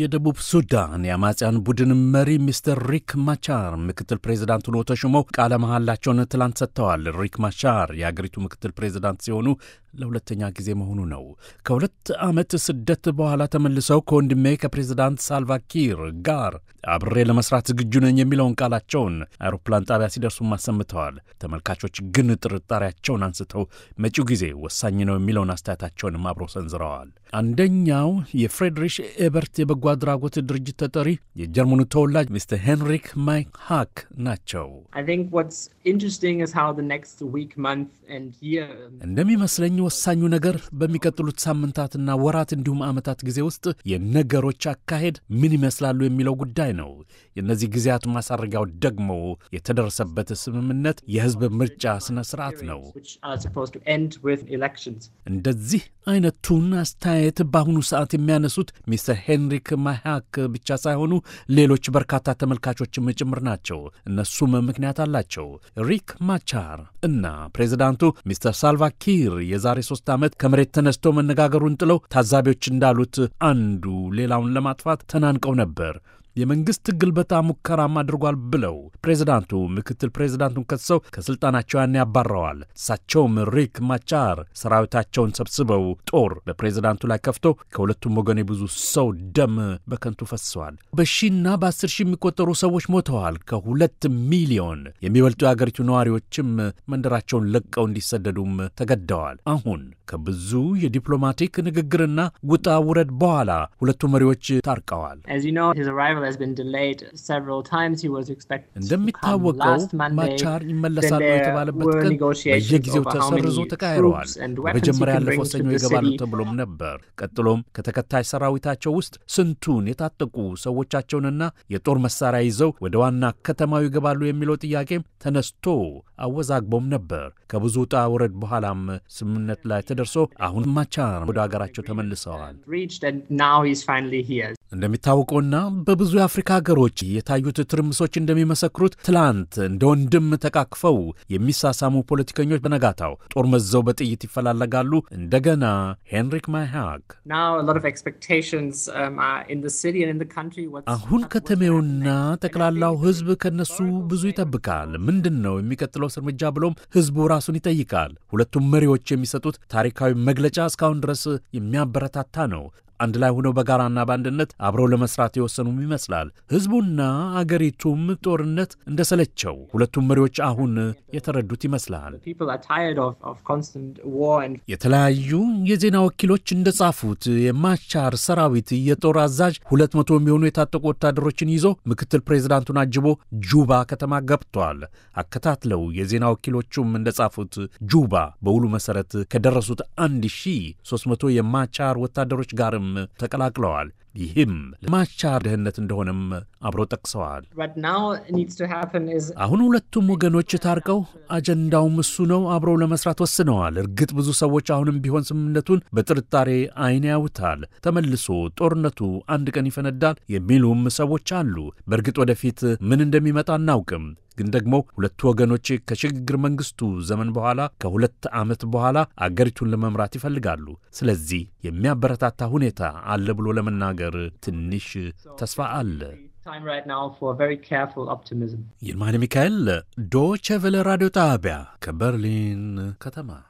የደቡብ ሱዳን የአማጽያን ቡድን መሪ ሚስተር ሪክ ማቻር ምክትል ፕሬዚዳንት ሆነው ተሹመው ቃለ መሐላቸውን ትላንት ሰጥተዋል። ሪክ ማቻር የአገሪቱ ምክትል ፕሬዚዳንት ሲሆኑ ለሁለተኛ ጊዜ መሆኑ ነው። ከሁለት ዓመት ስደት በኋላ ተመልሰው ከወንድሜ ከፕሬዚዳንት ሳልቫኪር ጋር አብሬ ለመስራት ዝግጁ ነኝ የሚለውን ቃላቸውን አውሮፕላን ጣቢያ ሲደርሱም አሰምተዋል። ተመልካቾች ግን ጥርጣሬያቸውን አንስተው መጪው ጊዜ ወሳኝ ነው የሚለውን አስተያየታቸውንም አብረው ሰንዝረዋል። አንደኛው የፍሬድሪሽ ኤበርት የበጎ አድራጎት ድርጅት ተጠሪ የጀርመኑ ተወላጅ ሚስተር ሄንሪክ ማይክ ሃክ ናቸው። um, እንደሚመስለኝ ወሳኙ ነገር በሚቀጥሉት ሳምንታትና ወራት እንዲሁም ዓመታት ጊዜ ውስጥ የነገሮች አካሄድ ምን ይመስላሉ የሚለው ጉዳይ ነው። የእነዚህ ጊዜያት ማሳረጊያው ደግሞ የተደረሰበት ስምምነት የህዝብ ምርጫ ስነ ስርዓት ነው። እንደዚህ አይነቱን አስተያየት በአሁኑ ሰዓት የሚያነሱት ሚስተር ሄንሪክ ማያክ ብቻ ሳይሆኑ ሌሎች በርካታ ተመልካቾችም ጭምር ናቸው። እነሱም ምክንያት አላቸው። ሪክ ማቻር እና ፕሬዚዳንቱ ሚስተር ሳልቫኪር የዛሬ ሶስት ዓመት ከመሬት ተነስቶ መነጋገሩን ጥለው ታዛቢዎች እንዳሉት አንዱ ሌላውን ለማጥፋት ተናንቀው ነበር። የመንግስት ግልበታ ሙከራም አድርጓል ብለው ፕሬዚዳንቱ ምክትል ፕሬዚዳንቱን ከሰው ከስልጣናቸው ያን ያባረዋል። እሳቸውም ሪክ ማቻር ሰራዊታቸውን ሰብስበው ጦር በፕሬዚዳንቱ ላይ ከፍተው ከሁለቱም ወገን የብዙ ሰው ደም በከንቱ ፈስሰዋል። በሺና በአስር ሺህ የሚቆጠሩ ሰዎች ሞተዋል። ከሁለት ሚሊዮን የሚበልጡ የአገሪቱ ነዋሪዎችም መንደራቸውን ለቀው እንዲሰደዱም ተገደዋል። አሁን ከብዙ የዲፕሎማቲክ ንግግርና ውጣ ውረድ በኋላ ሁለቱ መሪዎች ታርቀዋል። እንደሚታወቀው ማቻር ይመለሳሉ የተባለበት ቀን በየጊዜው ተሰርዞ ተካሂረዋል። በመጀመሪያ ያለፈው ሰኞ ይገባሉ ተብሎም ነበር። ቀጥሎም ከተከታይ ሰራዊታቸው ውስጥ ስንቱን የታጠቁ ሰዎቻቸውንና የጦር መሳሪያ ይዘው ወደ ዋና ከተማው ይገባሉ የሚለው ጥያቄም ተነስቶ አወዛግቦም ነበር። ከብዙ ውጣ ውረድ በኋላም ስምምነት ላይ ተደርሶ አሁን ማቻር ወደ አገራቸው ተመልሰዋል። እንደሚታወቀውና በብዙ የአፍሪካ ሀገሮች የታዩት ትርምሶች እንደሚመሰክሩት ትላንት እንደ ወንድም ተቃቅፈው የሚሳሳሙ ፖለቲከኞች በነጋታው ጦር መዘው በጥይት ይፈላለጋሉ። እንደገና ሄንሪክ ማይሃግ um, አሁን ከተሜውና ጠቅላላው ሕዝብ ከነሱ ብዙ ይጠብቃል። ምንድን ነው የሚቀጥለው እርምጃ ብሎም ሕዝቡ ራሱን ይጠይቃል። ሁለቱም መሪዎች የሚሰጡት ታሪካዊ መግለጫ እስካሁን ድረስ የሚያበረታታ ነው። አንድ ላይ ሆነው በጋራና በአንድነት አብረው ለመስራት የወሰኑም ይመስላል። ህዝቡና አገሪቱም ጦርነት እንደሰለቸው ሁለቱም መሪዎች አሁን የተረዱት ይመስላል። የተለያዩ የዜና ወኪሎች እንደጻፉት የማቻር ሰራዊት የጦር አዛዥ ሁለት መቶ የሚሆኑ የታጠቁ ወታደሮችን ይዞ ምክትል ፕሬዚዳንቱን አጅቦ ጁባ ከተማ ገብቷል። አከታትለው የዜና ወኪሎቹም እንደጻፉት ጁባ በውሉ መሰረት ከደረሱት 1300 የማቻር ወታደሮች ጋርም ሀገራቸውም ተቀላቅለዋል። ይህም ለማቻር ደህነት እንደሆነም አብሮ ጠቅሰዋል። አሁን ሁለቱም ወገኖች ታርቀው አጀንዳውም እሱ ነው አብረው ለመስራት ወስነዋል። እርግጥ ብዙ ሰዎች አሁንም ቢሆን ስምምነቱን በጥርጣሬ አይን ያውታል። ተመልሶ ጦርነቱ አንድ ቀን ይፈነዳል የሚሉም ሰዎች አሉ። በእርግጥ ወደፊት ምን እንደሚመጣ አናውቅም። ግን ደግሞ ሁለቱ ወገኖች ከሽግግር መንግስቱ ዘመን በኋላ ከሁለት ዓመት በኋላ አገሪቱን ለመምራት ይፈልጋሉ። ስለዚህ የሚያበረታታ ሁኔታ አለ ብሎ ለመናገር ትንሽ ተስፋ አለ። ይልማነ ሚካኤል ዶቼ ቬለ ራዲዮ ጣቢያ ከበርሊን ከተማ